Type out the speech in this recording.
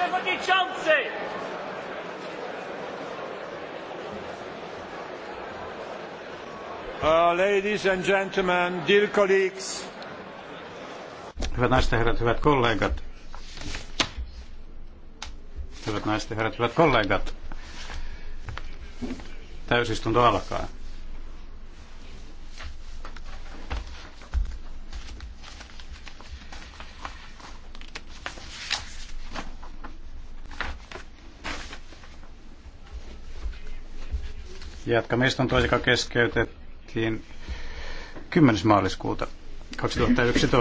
przewodniczący! Uh, ladies and gentlemen, dear colleagues. Hyvät herrat, hyvät kollegat. Hyvät naiset herrat, hyvät kollegat. Täysistunto alkaa. Jatkamme istuntoa, joka keskeytettiin 10. maaliskuuta 2011.